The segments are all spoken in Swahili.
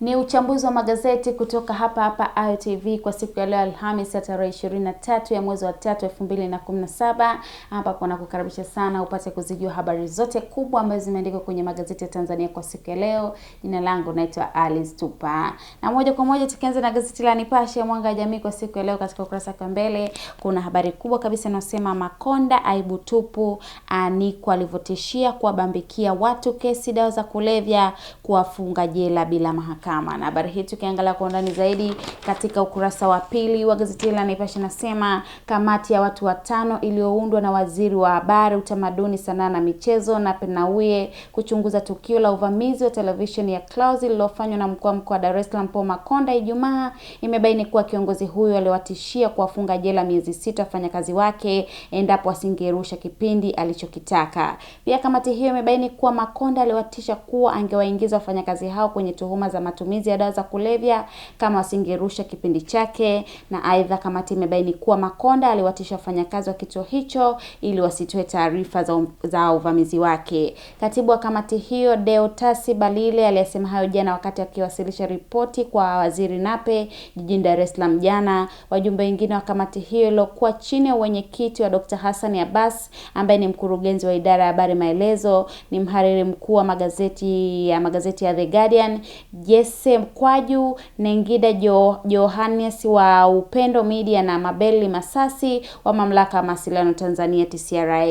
Ni uchambuzi wa magazeti kutoka hapa hapa Ayo kwa siku ya leo Alhamisi ya tarehe 23 ya mwezi wa 3 2017, ambapo nakukaribisha sana upate kuzijua habari zote kubwa ambazo zimeandikwa kwenye magazeti ya Tanzania kwa siku ya leo. Jina langu naitwa Alice Tupa, na moja kwa moja tukianza na gazeti la Nipashe mwanga wa jamii kwa siku ya leo, katika ukurasa wa mbele kuna habari kubwa kabisa inayosema Makonda aibu tupu, anikwa alivyotishia kuwabambikia watu kesi dawa za kulevya, kuwafunga jela bila mahakama mahakama. Na habari hii tukiangalia kwa undani zaidi katika ukurasa wa pili wa gazeti la Nipashe, nasema kamati ya watu watano iliyoundwa na waziri wa habari, utamaduni, sanaa na michezo na Penauye kuchunguza tukio la uvamizi wa televisheni ya Clouds lililofanywa na mkuu wa mkoa wa Dar es Salaam Paul Makonda Ijumaa imebaini kuwa kiongozi huyo aliwatishia kuwafunga jela miezi sita wafanyakazi wake endapo asingerusha kipindi alichokitaka. Pia kamati hiyo imebaini kuwa Makonda aliwatisha kuwa angewaingiza wafanyakazi hao kwenye tuhuma za matumizi ya dawa za kulevya kama wasingerusha kipindi chake, na aidha kamati imebaini kuwa Makonda aliwatisha wafanyakazi wa kituo hicho ili wasitoe taarifa za, um, za uvamizi wake. Katibu wa kamati hiyo Deotasi Balile aliyesema hayo jana wakati akiwasilisha ripoti kwa Waziri Nape jijini Dar es Salaam jana. Wajumbe wengine wa kamati hiyo iliokuwa chini ya uwenyekiti wa Dr. Hassan Abbas ambaye ni mkurugenzi wa idara ya habari maelezo, ni mhariri mkuu wa magazeti ya magazeti ya The Guardian, Jesse Grace Mkwaju, Nengida jo, Johannes wa Upendo Media na Mabeli Masasi wa Mamlaka ya Mawasiliano Tanzania TCRA.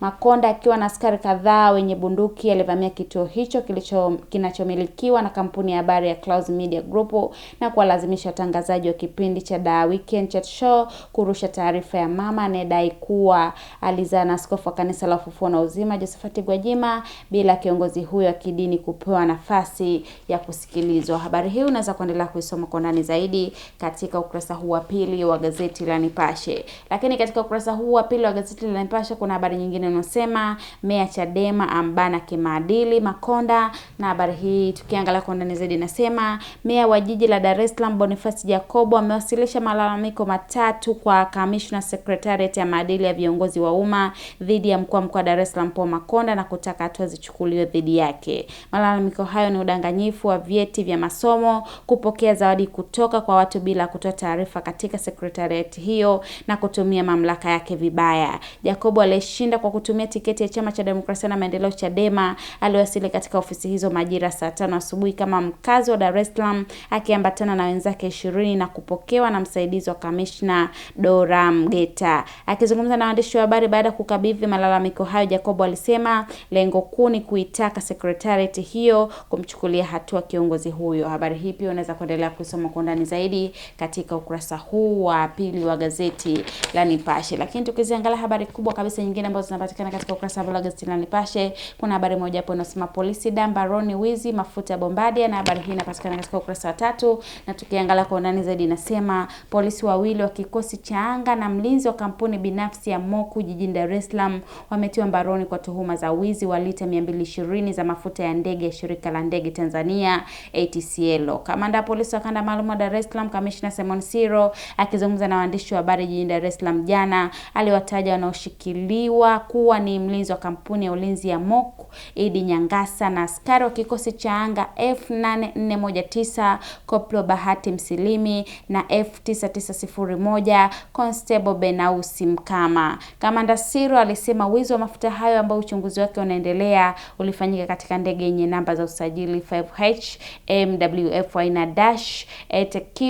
Makonda akiwa na askari kadhaa wenye bunduki alivamia kituo hicho kilicho kinachomilikiwa na kampuni ya habari ya Clouds Media Group na kuwalazimisha watangazaji wa kipindi cha The Weekend Chat Show kurusha taarifa ya mama anayedai kuwa alizaa na askofu wa kanisa la Ufufuo na Uzima Josephat Gwajima bila kiongozi huyo wa kidini kupewa nafasi ya kusikiliza hizo. Habari hii unaweza kuendelea kuisoma kwa ndani zaidi katika ukurasa huu wa pili wa gazeti la Nipashe. Lakini katika ukurasa huu wa pili wa gazeti la Nipashe kuna habari nyingine inasema Meya Chadema ambana kimaadili Makonda, na habari hii tukiangalia kwa ndani zaidi nasema Meya wa jiji la Dar es Salaam Boniface Jacobo amewasilisha malalamiko matatu kwa Kamishna Secretariat ya maadili ya viongozi wa umma dhidi ya mkuu wa mkoa Dar es Salaam Paul Makonda na kutaka hatua zichukuliwe dhidi yake. Malalamiko hayo ni udanganyifu wa vyeti vya masomo, kupokea zawadi kutoka kwa watu bila kutoa taarifa katika sekretariati hiyo na kutumia mamlaka yake vibaya. Jacobo aliyeshinda kwa kutumia tiketi ya Chama cha Demokrasia na Maendeleo Chadema aliwasili katika ofisi hizo majira saa tano asubuhi kama mkazi wa Dar es Salaam akiambatana na wenzake ishirini na kupokewa na msaidizi wa kamishna Dora Mgeta. Akizungumza na waandishi wa habari baada ya kukabidhi malalamiko hayo, Jacobo alisema lengo kuu ni kuitaka sekretariati hiyo kumchukulia hatua kiongozi huyo. Habari hii pia unaweza kuendelea kusoma kwa undani zaidi katika ukurasa huu wa pili wa gazeti la Nipashe. Lakini tukiziangalia habari kubwa kabisa nyingine ambazo zinapatikana katika ukurasa wa gazeti la Nipashe, kuna habari moja hapo inasema polisi damba roni wizi mafuta ya Bombardier, na habari hii inapatikana katika ukurasa wa tatu, na tukiangalia kwa undani zaidi inasema polisi wawili wa kikosi cha anga na mlinzi wa kampuni binafsi ya Moku jijini Dar es Salaam wametiwa mbaroni kwa tuhuma za wizi wa lita 220 za mafuta ya ndege ya shirika la ndege Tanzania ATCL. Kamanda polisi wa kanda maalum wa Dar es Salaam Kamishna Simon Siro akizungumza na waandishi wa habari jijini Dar es Salaam jana aliwataja wanaoshikiliwa kuwa ni mlinzi wa kampuni ya ulinzi ya MOC Idi Nyangasa na askari wa kikosi cha anga F8419 Koplo Bahati Msilimi na F9901 Constable Benausi Mkama. Kamanda Siro alisema wizi wa mafuta hayo ambao uchunguzi wake unaendelea ulifanyika katika ndege yenye namba za usajili 5H MWF na Dash ETQ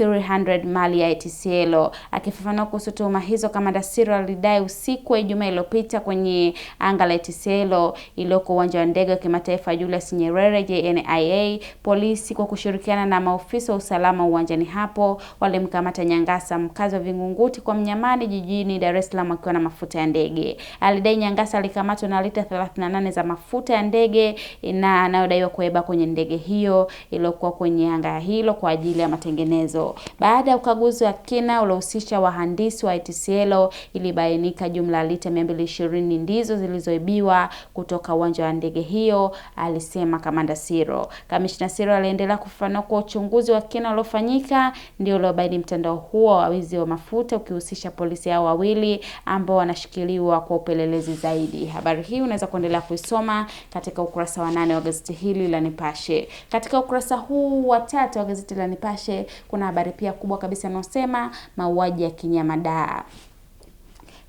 300 mali ya ATCL. Akifafanua kuhusu tuhuma hizo, Kamanda Siro alidai usiku wa Ijumaa iliyopita kwenye anga la ATCL iliyoko uwanja wa ndege wa kimataifa Julius Nyerere JNIA, polisi kwa kushirikiana na maofisa wa usalama uwanjani hapo walimkamata Nyangasa, mkazi wa Vingunguti, kwa Mnyamani jijini Dar es Salaam akiwa na mafuta ya ndege. Alidai Nyangasa alikamatwa na lita 38 za mafuta ya ndege na anayodaiwa kueba kwenye ndege hii hiyo iliyokuwa kwenye anga hilo kwa ajili ya matengenezo. Baada ya ukaguzi wa kina uliohusisha wahandisi wa ITCL, ilibainika jumla lita 220 ndizo zilizoibiwa kutoka uwanja wa ndege hiyo, alisema Kamanda Siro. Kamishna Siro aliendelea kufafanua kuwa uchunguzi wa kina uliofanyika ndio uliobaini mtandao huo wa wizi wa mafuta ukihusisha polisi hao wawili ambao wanashikiliwa kwa upelelezi zaidi. Habari hii unaweza kuendelea kuisoma katika ukurasa wa nane wa gazeti hili la Nipashe. Katika ukurasa huu wa tatu wa gazeti la Nipashe kuna habari pia kubwa kabisa inayosema mauaji ya kinyama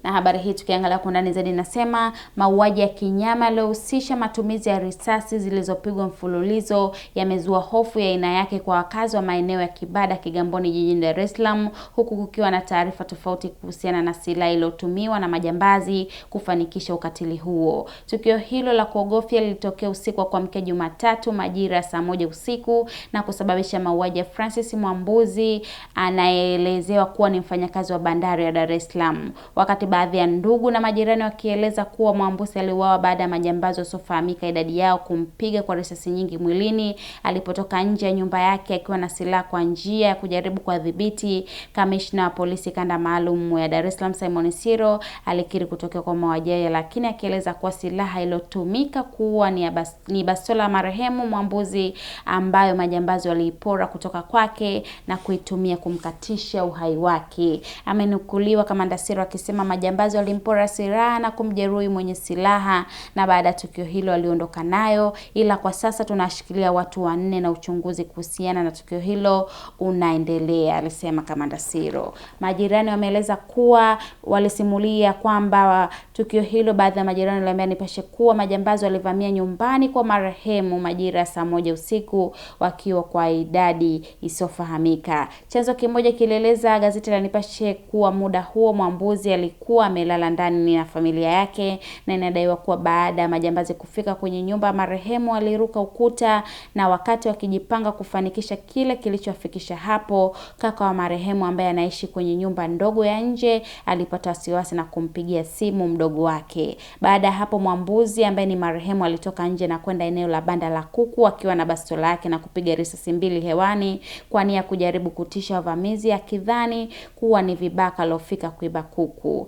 na habari hii tukiangalia kwa ndani zaidi, inasema mauaji ya kinyama yaliyohusisha matumizi ya risasi zilizopigwa mfululizo yamezua hofu ya aina yake kwa wakazi wa maeneo ya Kibada, Kigamboni jijini Dar es Salaam, huku kukiwa na taarifa tofauti kuhusiana na silaha iliyotumiwa na majambazi kufanikisha ukatili huo. Tukio hilo la kuogofya lilitokea usiku wa kuamkia Jumatatu majira ya saa moja usiku na kusababisha mauaji ya Francis Mwambuzi anayeelezewa kuwa ni mfanyakazi wa bandari ya Dar es Salaam wakati baadhi ya ndugu na majirani wakieleza kuwa Mwambusi aliuawa baada ya majambazi wasiofahamika idadi yao kumpiga kwa risasi nyingi mwilini alipotoka nje ya nyumba yake akiwa na silaha kwa njia ya kujaribu kuwadhibiti. Kamishna wa polisi kanda maalum ya Dar es Salaam Simon Siro alikiri kutokea kwa mauaji lakini akieleza kuwa silaha iliyotumika kuua ni, bas, ni bastola marehemu Mwambusi ambayo majambazi waliipora kutoka kwake na kuitumia kumkatisha uhai wake. Amenukuliwa Kamanda Siro akisema majambazi walimpora silaha na kumjeruhi mwenye silaha, na baada ya tukio hilo aliondoka nayo, ila kwa sasa tunashikilia watu wanne na uchunguzi kuhusiana na tukio hilo unaendelea, alisema Kamanda Siro. Majirani wameeleza kuwa walisimulia kwamba tukio hilo, baadhi ya majirani waliambia Nipashe kuwa majambazi walivamia nyumbani kwa marehemu majira ya saa moja usiku wakiwa kwa idadi isiyofahamika. Chanzo kimoja kilieleza gazeti la Nipashe kuwa muda huo Mwambuzi alikuwa alikuwa amelala ndani na familia yake, na inadaiwa kuwa baada ya majambazi kufika kwenye nyumba marehemu, aliruka ukuta, na wakati wakijipanga kufanikisha kile kilichofikisha hapo, kaka wa marehemu ambaye anaishi kwenye nyumba ndogo ya nje alipata wasiwasi na kumpigia simu mdogo wake. Baada ya hapo, Mwambuzi ambaye ni marehemu alitoka nje na kwenda eneo la banda la kuku akiwa na bastola yake na kupiga risasi mbili hewani kwa nia kujaribu kutisha wavamizi, akidhani kuwa ni vibaka aliofika kuiba kuku.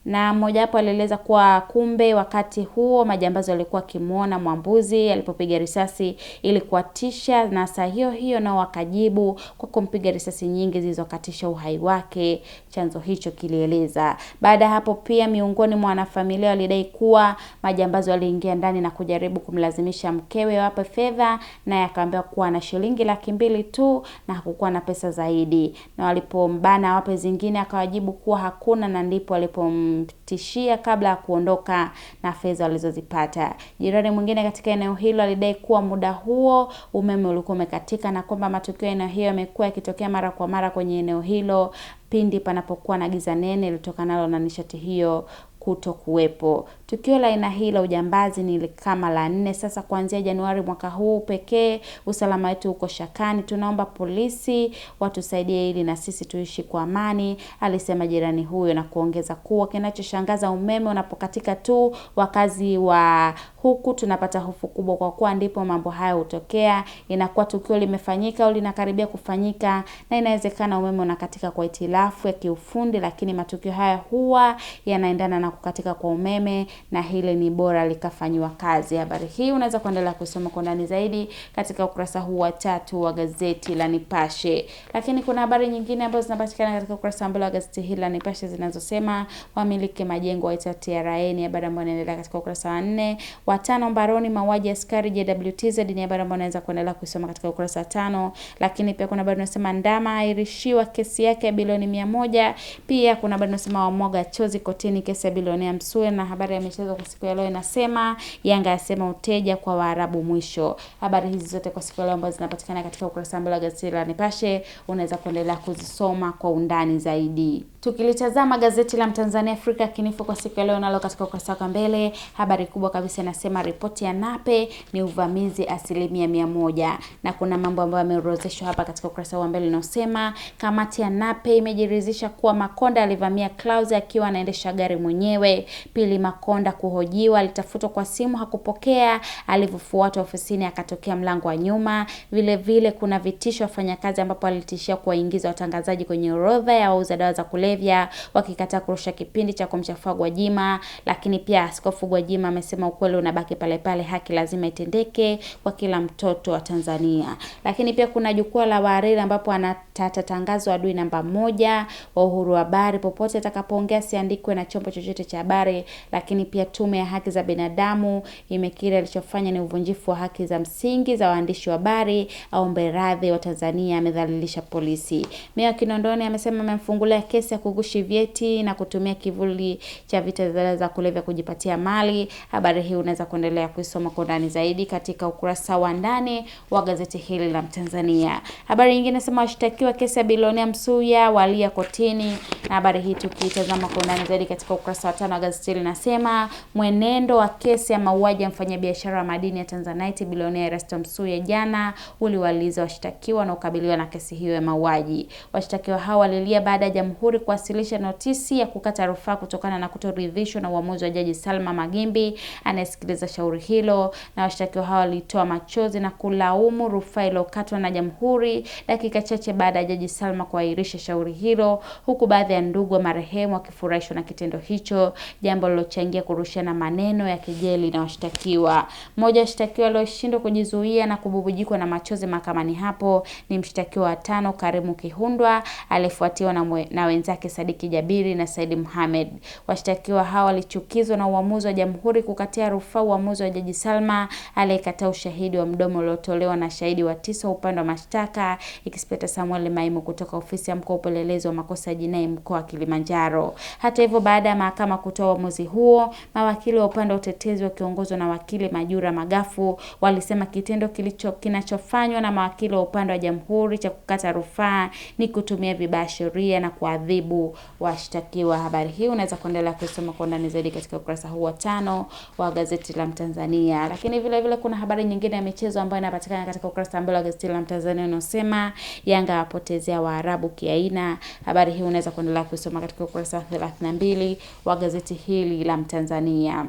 na mmoja wapo alieleza kuwa kumbe wakati huo majambazi walikuwa wakimwona Mwambuzi alipopiga risasi ili kuwatisha, na saa hiyo hiyo nao wakajibu kwa kumpiga risasi nyingi zilizokatisha uhai wake, chanzo hicho kilieleza. Baada ya hapo pia miongoni mwa wanafamilia walidai kuwa majambazi waliingia ndani na kujaribu kumlazimisha mkewe wape fedha, naye akaambiwa kuwa na shilingi laki mbili tu na hakukuwa na pesa zaidi, na walipombana wape zingine akawajibu kuwa hakuna, na ndipo walipom kumtishia kabla ya kuondoka na fedha walizozipata. Jirani mwingine katika eneo hilo alidai kuwa muda huo umeme ulikuwa umekatika na kwamba matukio ya eneo hiyo yamekuwa yakitokea mara kwa mara kwenye eneo hilo pindi panapokuwa na giza nene lilitokana na nishati hiyo kuto kuwepo. Tukio la aina hii la ujambazi ni kama la nne sasa kuanzia Januari mwaka huu pekee. Usalama wetu uko shakani, tunaomba polisi watusaidie ili na sisi tuishi kwa amani, alisema jirani huyo na kuongeza kuwa kinachoshangaza, umeme unapokatika tu wakazi wa huku tunapata hofu kubwa, kwa kuwa ndipo mambo haya hutokea. Inakuwa tukio limefanyika au linakaribia kufanyika, na inawezekana umeme unakatika kwa itilafu ya kiufundi, lakini matukio haya huwa yanaendana na kukatika kwa umeme, na hili ni bora likafanyiwa kazi. Habari hii unaweza kuendelea kusoma kwa ndani zaidi katika ukurasa huu wa tatu wa gazeti la Nipashe, lakini kuna habari nyingine ambazo zinapatikana katika ukurasa wa mbele wa gazeti hili la Nipashe zinazosema wamiliki majengo waita TRA, ni habari ambayo inaendelea katika ukurasa wa nne watano mbaroni mauaji ya askari JWTZ. Ni habari ambayo unaweza kuendelea kusoma katika ukurasa wa tano. Lakini pia kuna habari inasema ndama airishiwa kesi yake ya bilioni mia moja. Pia kuna habari inasema wamwaga chozi kotini kesi ya bilionea Msuya. Na habari ya michezo kwa siku ya leo inasema Yanga yasema uteja kwa Waarabu mwisho. Habari hizi zote kwa siku ya leo ambazo zinapatikana katika ukurasa wa mbele wa gazeti la Nipashe unaweza kuendelea kuzisoma kwa undani zaidi. Tukilitazama gazeti la Mtanzania Afrika Kinifu kwa siku ya leo, nalo katika ukurasa wa mbele habari kubwa kabisa inasema ripoti ya Nape ni uvamizi asilimia mia moja, na kuna mambo ambayo yameorodheshwa hapa katika ukurasa wa mbele inayosema kamati ya Nape imejiridhisha kuwa Makonda alivamia Klaus akiwa anaendesha gari mwenyewe. Pili, Makonda kuhojiwa, alitafutwa kwa simu hakupokea, alivyofuatwa ofisini akatokea mlango wa nyuma. Vile vile kuna vitisho wafanyakazi, ambapo alitishia kuwaingiza watangazaji kwenye orodha ya wauza dawa za kulevya kulevya, wakikataa kurusha kipindi cha kumchafua Gwajima. Lakini pia Askofu Gwajima amesema ukweli unabaki pale pale, haki lazima itendeke kwa kila mtoto wa Tanzania. Lakini pia kuna jukwaa la wahariri ambapo anatatangazo adui namba moja wa uhuru wa habari, popote atakapoongea siandikwe na chombo chochote cha habari. Lakini pia tume ya haki za binadamu imekiri alichofanya ni uvunjifu wa haki za msingi za waandishi wa habari. Aombe radhi wa Tanzania, amedhalilisha polisi. Meya wa Kinondoni amesema amemfungulia kesi ya kugushi vyeti na kutumia kivuli cha vita za kulevya kujipatia mali. Habari hii unaweza kuendelea kuisoma kwa undani zaidi katika ukurasa wa ndani wa gazeti hili la Mtanzania. Habari nyingine nasema washtakiwa kesi ya bilionea Msuya walia kotini, na habari hii tukiitazama kwa undani zaidi katika ukurasa wa tano wa gazeti hili nasema mwenendo wa kesi ya mauaji ya mfanyabiashara wa madini ya Tanzanite bilionea Erasto Msuya jana uliwaliza washtakiwa na ukabiliwa na kesi hiyo ya mauaji. Washtakiwa hao walilia baada ya jamhuri kwa kuwasilisha notisi ya kukata rufaa kutokana na kutoridhishwa na uamuzi wa Jaji Salma Magimbi anayesikiliza shauri hilo. Na washtakiwa hao walitoa machozi na kulaumu rufaa iliyokatwa na Jamhuri dakika chache baada ya Jaji Salma kuahirisha shauri hilo, huku baadhi ya ndugu wa marehemu wakifurahishwa na kitendo hicho, jambo lilochangia kurushiana maneno ya kejeli na washtakiwa. Mmoja washtakiwa alioshindwa kujizuia na kububujikwa na machozi mahakamani hapo ni mshtakiwa wa tano Karimu Kihundwa alifuatiwa na, na wenzake zake Sadiki Jabiri na Said Mohamed. Washtakiwa hao walichukizwa na uamuzi wa jamhuri kukatia rufaa uamuzi wa jaji Salma aliyekataa ushahidi wa mdomo uliotolewa na shahidi wa tisa upande wa mashtaka Inspekta Samuel Maimu kutoka ofisi ya mkuu upelelezi wa makosa ya jinai mkoa wa Kilimanjaro. Hata hivyo, baada ya mahakama kutoa uamuzi huo, mawakili wa upande wa utetezi wakiongozwa na wakili Majura Magafu walisema kitendo kilicho kinachofanywa na mawakili wa upande wa jamhuri cha kukata rufaa ni kutumia vibaya sheria na kuadhibu kuwajibu washtakiwa. Habari hii unaweza kuendelea kusoma kwa undani zaidi katika ukurasa huu wa tano wa gazeti la Mtanzania. Lakini vile vile kuna habari nyingine ya michezo ambayo inapatikana katika ukurasa wa mbele wa gazeti la Mtanzania unaosema Yanga apotezea Waarabu kiaina. Habari hii unaweza kuendelea kusoma katika ukurasa wa 32 wa gazeti hili la Mtanzania.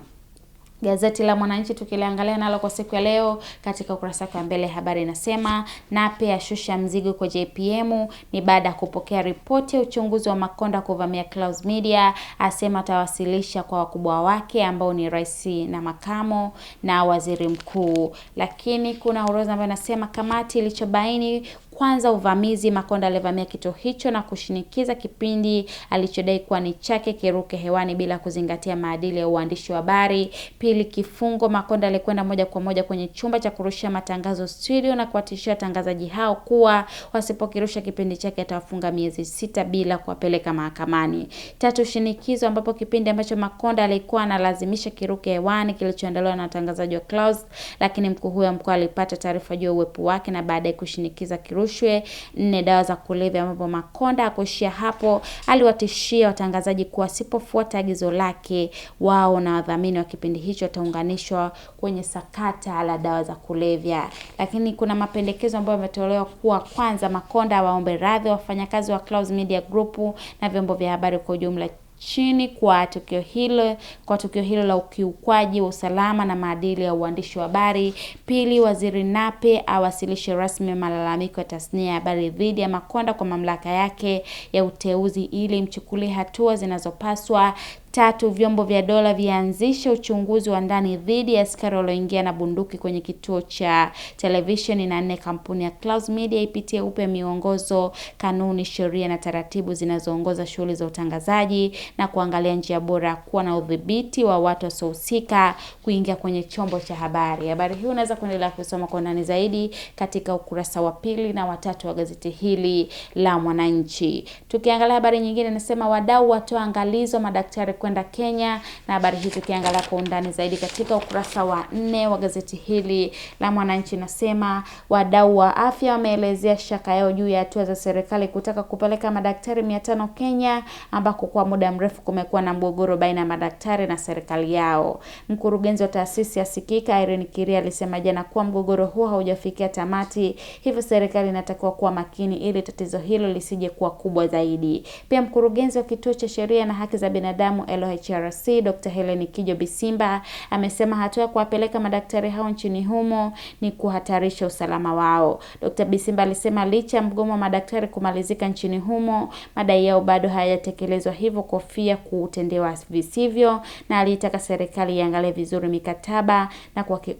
Gazeti la Mwananchi tukiliangalia nalo kwa siku ya leo, katika ukurasa wake wa mbele habari inasema Nape ashusha mzigo kwa JPM, ni baada ya kupokea ripoti ya uchunguzi wa Makonda kuvamia Clouds Media, asema atawasilisha kwa wakubwa wake ambao ni rais na makamo na waziri mkuu. Lakini kuna orodha ambayo inasema kamati ilichobaini kwanza uvamizi, Makonda alivamia kituo hicho na kushinikiza kipindi alichodai kuwa ni chake kiruke hewani bila kuzingatia maadili ya uandishi wa habari. Pili, kifungo, Makonda alikwenda moja kwa moja kwenye chumba cha kurushia matangazo studio na kuwatishia watangazaji hao kuwa wasipokirusha kipindi chake atawafunga miezi sita bila kuwapeleka mahakamani. Tatu, shinikizo, ambapo kipindi ambacho Makonda alikuwa analazimisha kiruke hewani kilichoandaliwa na watangazaji wa Clouds, lakini mkuu huyo mkoa alipata taarifa juu ya uwepo wake na baadaye kushinikiza kiruke Rushwe, Nne, dawa za kulevya ambapo Makonda akuishia hapo, aliwatishia watangazaji kuwa asipofuata agizo lake wao na wadhamini wa kipindi hicho wataunganishwa kwenye sakata la dawa za kulevya. Lakini kuna mapendekezo ambayo yametolewa kuwa kwanza, Makonda waombe radhi wafanyakazi wa Clouds Media Group na vyombo vya habari kwa ujumla chini kwa tukio hilo kwa tukio hilo la ukiukwaji wa usalama na maadili ya uandishi wa habari. Pili, waziri Nape awasilishe rasmi malalamiko ya tasnia ya habari dhidi ya Makonda kwa mamlaka yake ya uteuzi ili mchukulie hatua zinazopaswa. Tatu, vyombo vya dola vianzishe uchunguzi wa ndani dhidi ya askari walioingia na bunduki kwenye kituo cha televisheni. Na nne, kampuni ya Clouds Media ipitie upya miongozo, kanuni, sheria na taratibu zinazoongoza shughuli za utangazaji na kuangalia njia bora ya kuwa na udhibiti wa watu wasiohusika kuingia kwenye chombo cha habari. Habari hii unaweza kuendelea kusoma kwa undani zaidi katika ukurasa wa pili na watatu wa gazeti hili la Mwananchi. Tukiangalia habari nyingine, nasema wadau watoa angalizo madaktari kwenda Kenya, na habari hii tukiangalia kwa undani zaidi katika ukurasa wa nne wa gazeti hili la Mwananchi. Nasema wadau wa afya wameelezea shaka yao juu ya hatua za serikali kutaka kupeleka madaktari mia tano Kenya, ambako kwa muda mrefu kumekuwa na mgogoro baina ya madaktari na serikali yao. Mkurugenzi wa taasisi ya Sikika Irene Kiria alisema jana kuwa mgogoro huo haujafikia tamati, hivyo serikali inatakiwa kuwa makini ili tatizo hilo lisije kuwa kubwa zaidi. Pia mkurugenzi wa kituo cha sheria na haki za binadamu LHRC Dr. Helen Kijo Bisimba amesema hatua ya kuwapeleka madaktari hao nchini humo ni kuhatarisha usalama wao. Dr. Bisimba alisema licha ya mgomo wa madaktari kumalizika nchini humo, madai yao bado hayatekelezwa, hivyo kofia kutendewa visivyo, na aliitaka serikali iangalie vizuri mikataba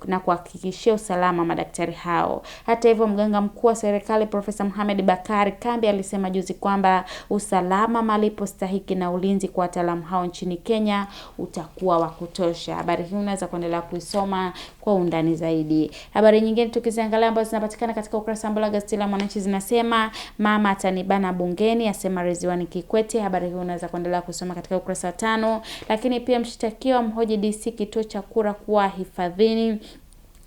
na kuhakikishia usalama madaktari hao. Hata hivyo, mganga mkuu wa serikali Profesa Mohamed Bakari Kambi alisema juzi kwamba usalama malipo stahiki na ulinzi kwa wataalamu hao nchini nchini Kenya utakuwa wa kutosha. Habari hii unaweza kuendelea kuisoma kwa undani zaidi. Habari nyingine tukiziangalia ambazo zinapatikana katika ukurasa wa gazeti la Mwananchi zinasema mama atanibana bungeni, asema Ridhiwani Kikwete. Habari hii unaweza kuendelea kusoma katika ukurasa wa tano. Lakini pia mshtakiwa mhoji DC kituo cha kura kuwa hifadhini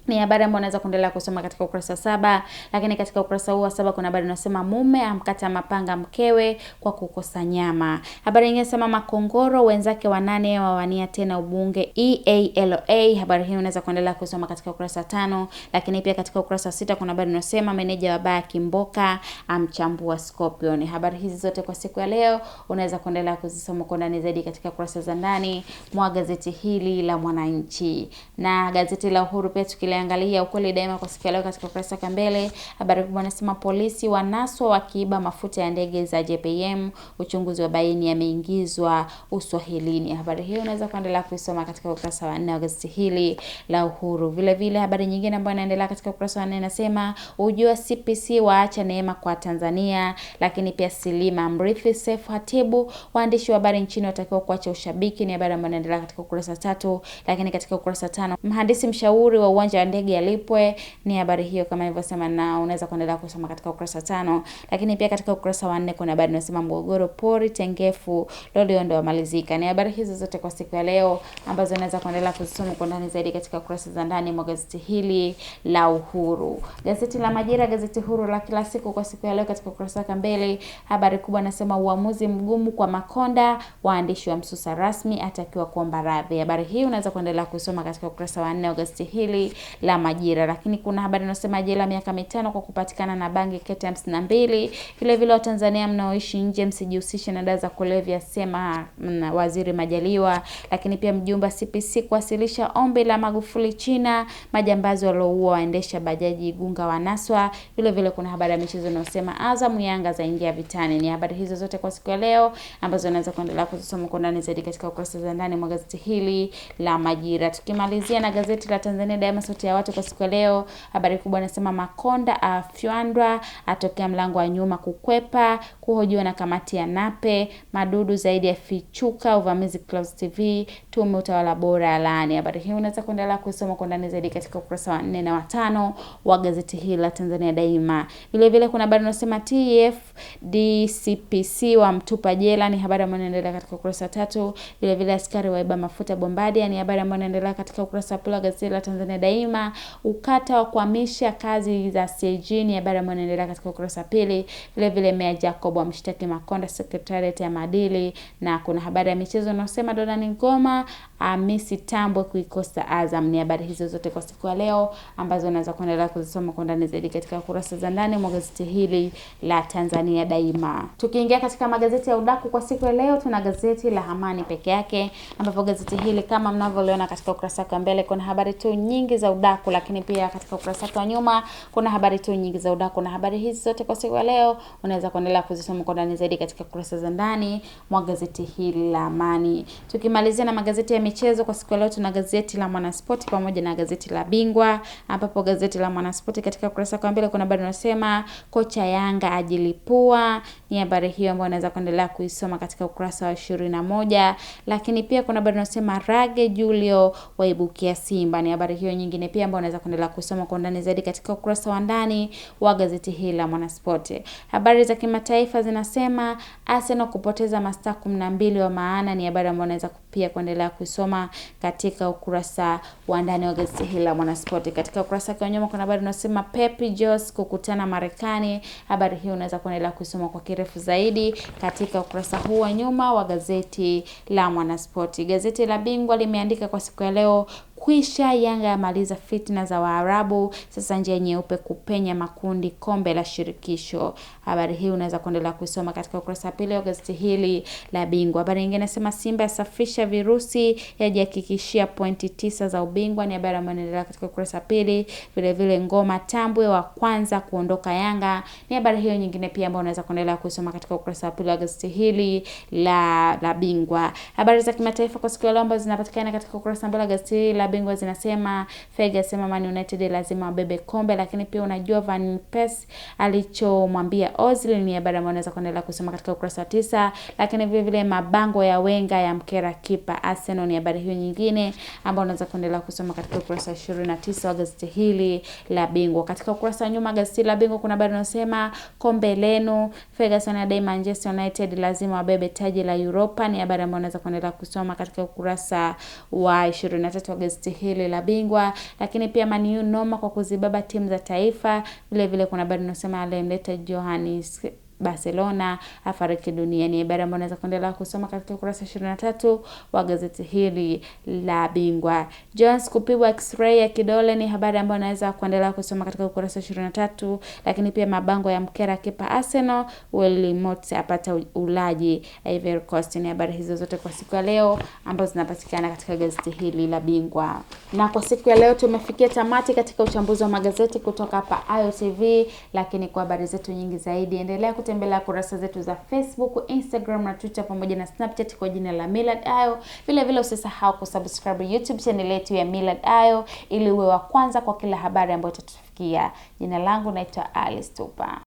ni habari ambayo unaweza kuendelea kusoma katika ukurasa saba. Lakini katika ukurasa huu wa saba kuna habari inasema mume amkata mapanga mkewe kwa kukosa nyama. Habari nyingine inasema makongoro wenzake wanane wawania tena ubunge EALA. Habari hii unaweza kuendelea kusoma katika ukurasa tano. Lakini pia katika ukurasa sita kuna habari inasema meneja wa baa Kimboka amchambua Scorpion. Habari hizi zote kwa siku ya leo unaweza kuendelea kuzisoma kwa ndani zaidi katika kurasa za ndani mwa gazeti hili la Mwananchi na gazeti la Uhuru pia tukile tuliangalia ukweli daima kwa siku ya leo katika ukurasa wa mbele. Habari kubwa nasema polisi wanaswa wakiiba mafuta ya ndege za JPM, uchunguzi wa baini yameingizwa Uswahilini. Habari hiyo unaweza kuendelea kuisoma katika ukurasa wa nne wa gazeti hili la Uhuru. Vile vile habari nyingine ambayo inaendelea katika ukurasa wa nne inasema ujua CPC waacha neema kwa Tanzania, lakini pia Silima mrithi Seif Hatibu, waandishi wa habari nchini watakiwa kuacha ushabiki, ni habari ambayo inaendelea katika ukurasa tatu. Lakini katika ukurasa tano mhandisi mshauri wa uwanja kwamba ndege alipwe. Ni habari hiyo kama nilivyosema, na unaweza kuendelea kusoma katika ukurasa tano, lakini pia katika ukurasa wa nne kuna habari inasema mgogoro pori tengefu Loliondo ndo wamalizika. Ni habari hizo zote kwa siku ya leo ambazo unaweza kuendelea kuzisoma kwa ndani zaidi katika ukurasa za ndani mwa gazeti hili la Uhuru. Gazeti la Majira, gazeti huru la kila siku, kwa siku ya leo katika ukurasa wa mbele, habari kubwa nasema uamuzi mgumu kwa Makonda, waandishi wa msusa rasmi atakiwa kuomba radhi. Habari hii unaweza kuendelea kusoma katika ukurasa wa nne wa gazeti hili la Majira. Lakini kuna habari inasema jela miaka mitano kwa kupatikana na bangi kete hamsini na mbili. Vile vile Watanzania mnaoishi nje msijihusishe na dawa za kulevya, sema mna, Waziri Majaliwa. Lakini pia mjumbe CPC kuwasilisha ombi la Magufuli China, majambazi walioua waendesha bajaji Igunga wanaswa. Vile vile kuna habari ya michezo inayosema Azam Yanga zaingia vitani. Ni habari hizo zote kwa siku ya leo ambazo naweza kuendelea kuzisoma kwa ndani zaidi katika ukurasa za ndani mwa gazeti hili la Majira, tukimalizia na gazeti la Tanzania Daima magazeti ya watu kwa siku ya leo, habari kubwa nasema Makonda afyandwa, atokea mlango wa nyuma kukwepa, kuhojiwa na kamati ya Nape, madudu zaidi ya fichuka, uvamizi Clouds TV, tume utawala bora laani. Habari hii unaweza kuendelea kusoma kwa ndani zaidi katika ukurasa wa 4 na watano wa gazeti hili la Tanzania Daima. Vile vile kuna habari unasema TF DCPC wa mtupa jela, ni habari ambayo inaendelea katika ukurasa wa tatu. Vile vile askari waiba mafuta bombadi, ni habari ambayo inaendelea katika ukurasa wa pili wa gazeti la Tanzania Daima tunasema ukata wa kuhamisha kazi za CAG. Habari ambayo inaendelea katika ukurasa pili. Vile vile Meya Jacob amshtaki Makonda sekretariat ya maadili, na kuna habari ya michezo inayosema Donald Ngoma amisi Tambwe kuikosa Azam. Ni habari hizo zote kwa siku ya leo ambazo unaweza kuendelea kuzisoma kwa ndani zaidi katika kurasa za ndani mwa gazeti hili la Tanzania Daima. Tukiingia katika magazeti ya udaku kwa siku ya leo, tuna gazeti la Amani peke yake, ambapo gazeti hili kama mnavyoliona katika ukurasa wa mbele kuna habari tu nyingi za udaku udaku, lakini pia katika ukurasa wa nyuma kuna habari tu nyingi za udaku, na habari hizi zote kwa siku ya leo unaweza kuendelea kuzisoma kwa ndani zaidi katika kurasa za ndani mwa gazeti hili la Amani. Tukimalizia na magazeti ya michezo kwa siku ya leo, tuna gazeti la Mwanaspoti pamoja na gazeti la Bingwa, ambapo gazeti la Mwanaspoti katika ukurasa wa mbele kuna habari inasema kocha Yanga ajilipua. Ni habari hiyo ambayo unaweza kuendelea kuisoma katika ukurasa wa ishirini na moja, lakini pia kuna habari inasema Rage Julio waibukia Simba. Ni habari hiyo nyingine nyingine pia ambao unaweza kuendelea kusoma kwa undani zaidi katika ukurasa wa ndani wa gazeti hili la Mwanaspoti. Habari za kimataifa zinasema Arsenal kupoteza mastaa kumi na mbili wa maana, ni habari ambayo unaweza pia kuendelea kusoma katika ukurasa wa ndani wa gazeti hili la Mwanaspoti. Katika ukurasa wa nyuma kuna habari unasema Pep Jose kukutana Marekani. Habari hii unaweza kuendelea kusoma kwa kirefu zaidi katika ukurasa huu wa nyuma wa gazeti la Mwanaspoti. Gazeti la Bingwa limeandika kwa siku ya leo kukwisha, Yanga yamaliza fitna za Waarabu, sasa njia nyeupe kupenya makundi kombe la shirikisho. Habari hii unaweza kuendelea kusoma katika ukurasa wa pili wa gazeti hili la Bingwa. Habari nyingine inasema Simba yasafisha virusi, yajihakikishia pointi tisa za ubingwa, ni habari ambayo inaendelea katika ukurasa wa pili. vile Ngoma Tambwe wa kwanza kuondoka Yanga, ni habari hiyo nyingine pia ambayo unaweza kuendelea kusoma katika ukurasa wa pili wa gazeti hili la la Bingwa. Habari za kimataifa kwa siku ya leo ambazo zinapatikana katika ukurasa wa mbele wa gazeti la mabingwa zinasema Fergie asema Man United lazima wabebe kombe, lakini pia unajua Van Persie alichomwambia Ozil ni habari ambayo unaweza kuendelea kusoma katika ukurasa wa tisa. Lakini vile vile mabango ya Wenga ya mkera kipa Arsenal ni habari hiyo nyingine ambayo unaweza kuendelea kusoma katika ukurasa wa 29 wa gazeti hili la Bingwa. Katika ukurasa wa nyuma gazeti la Bingwa kuna habari inasema kombe lenu, Ferguson adai Manchester United lazima wabebe taji la Europa, ni habari ambayo unaweza kuendelea kusoma katika ukurasa wa 23 wa gazeti list hili la bingwa, lakini pia Man U noma kwa kuzibaba timu za taifa. Vile vile kuna bado nasema aliyemleta Johannes Barcelona afariki dunia. Ni habari ambayo unaweza kuendelea kusoma katika ukurasa 23 wa gazeti hili la Bingwa. Jones kupigwa x-ray ya kidole ni habari ambayo unaweza kuendelea kusoma katika ukurasa 23, lakini pia mabango ya mkera kipa Arsenal, Wilmot apata ulaji Ivory Coast. Ni habari hizo zote kwa siku ya leo ambazo zinapatikana katika gazeti hili la Bingwa. Na kwa siku ya leo tumefikia tamati katika uchambuzi wa magazeti kutoka hapa AyoTV, lakini kwa habari zetu nyingi zaidi endelea kutembelea kurasa zetu za Facebook, Instagram na Twitter pamoja na Snapchat kwa jina la Millard Ayo. Vile vile usisahau kusubscribe YouTube channel yetu ya Millard Ayo ili uwe wa kwanza kwa kila habari ambayo itatufikia. Jina langu naitwa Alice Tupa.